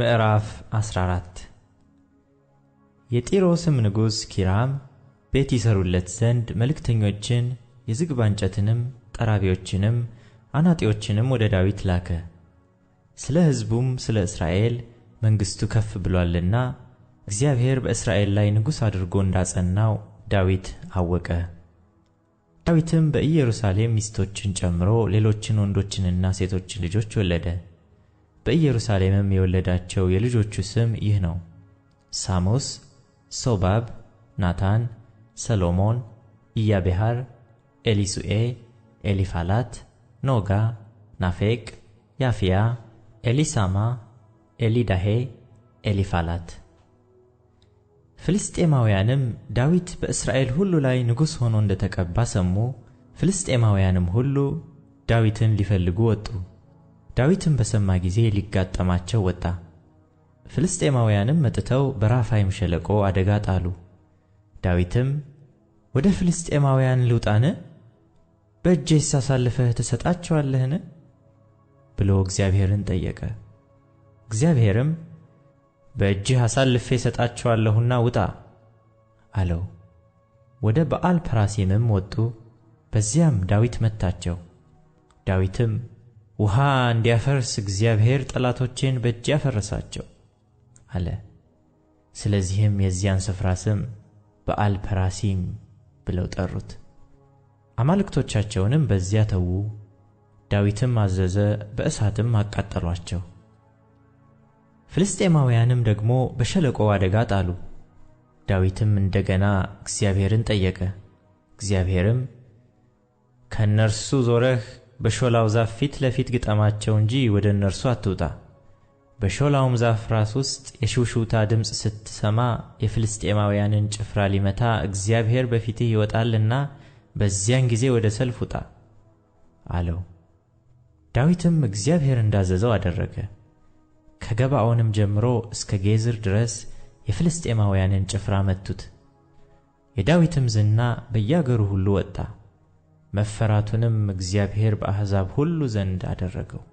ምዕራፍ 14 የጢሮስም ንጉሥ ኪራም ቤት ይሠሩለት ዘንድ መልእክተኞችን የዝግባ እንጨትንም ጠራቢዎችንም አናጢዎችንም ወደ ዳዊት ላከ። ስለ ሕዝቡም ስለ እስራኤል መንግሥቱ ከፍ ብሏልና እግዚአብሔር በእስራኤል ላይ ንጉሥ አድርጎ እንዳጸናው ዳዊት አወቀ። ዳዊትም በኢየሩሳሌም ሚስቶችን ጨምሮ ሌሎችን ወንዶችንና ሴቶችን ልጆች ወለደ። በኢየሩሳሌምም የወለዳቸው የልጆቹ ስም ይህ ነው፦ ሳሙስ፣ ሶባብ፣ ናታን፣ ሰሎሞን፣ ኢያቤሐር፣ ኤሊሱኤ ኤሊፋላት፣ ኖጋ፣ ናፌቅ፣ ያፍያ፣ ኤሊሳማ፣ ኤሊዳሄ፣ ኤሊፋላት። ፍልስጤማውያንም ዳዊት በእስራኤል ሁሉ ላይ ንጉሥ ሆኖ እንደተቀባ ሰሙ። ፍልስጤማውያንም ሁሉ ዳዊትን ሊፈልጉ ወጡ። ዳዊትም በሰማ ጊዜ ሊጋጠማቸው ወጣ። ፍልስጤማውያንም መጥተው በራፋይም ሸለቆ አደጋ ጣሉ። ዳዊትም ወደ ፍልስጤማውያን ልውጣን? በእጄስ አሳልፈህ ትሰጣቸዋለህን? ብሎ እግዚአብሔርን ጠየቀ። እግዚአብሔርም በእጅህ አሳልፌ እሰጣቸዋለሁና ውጣ አለው። ወደ በዓል ፐራሲምም ወጡ። በዚያም ዳዊት መታቸው። ዳዊትም ውሃ እንዲያፈርስ እግዚአብሔር ጠላቶቼን በእጅ ያፈረሳቸው አለ። ስለዚህም የዚያን ስፍራ ስም በአል ፐራሲም ብለው ጠሩት። አማልክቶቻቸውንም በዚያ ተዉ። ዳዊትም አዘዘ፣ በእሳትም አቃጠሏቸው። ፍልስጤማውያንም ደግሞ በሸለቆ አደጋ ጣሉ። ዳዊትም እንደገና እግዚአብሔርን ጠየቀ። እግዚአብሔርም ከእነርሱ ዞረህ በሾላው ዛፍ ፊት ለፊት ግጠማቸው እንጂ ወደ እነርሱ አትውጣ። በሾላውም ዛፍ ራስ ውስጥ የሽውሽውታ ድምፅ ስትሰማ የፍልስጤማውያንን ጭፍራ ሊመታ እግዚአብሔር በፊትህ ይወጣልና በዚያን ጊዜ ወደ ሰልፍ ውጣ አለው። ዳዊትም እግዚአብሔር እንዳዘዘው አደረገ። ከገባኦንም ጀምሮ እስከ ጌዝር ድረስ የፍልስጤማውያንን ጭፍራ መቱት። የዳዊትም ዝና በያገሩ ሁሉ ወጣ። መፈራቱንም እግዚአብሔር በአሕዛብ ሁሉ ዘንድ አደረገው።